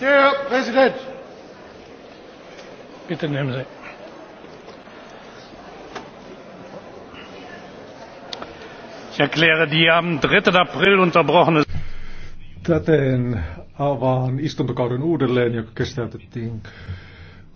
Herr Präsident! Bitte nehmen Sie. Ich erkläre die am 3. April unterbrochene Täten avaan istuntokauden uudelleen, joka kestäytettiin.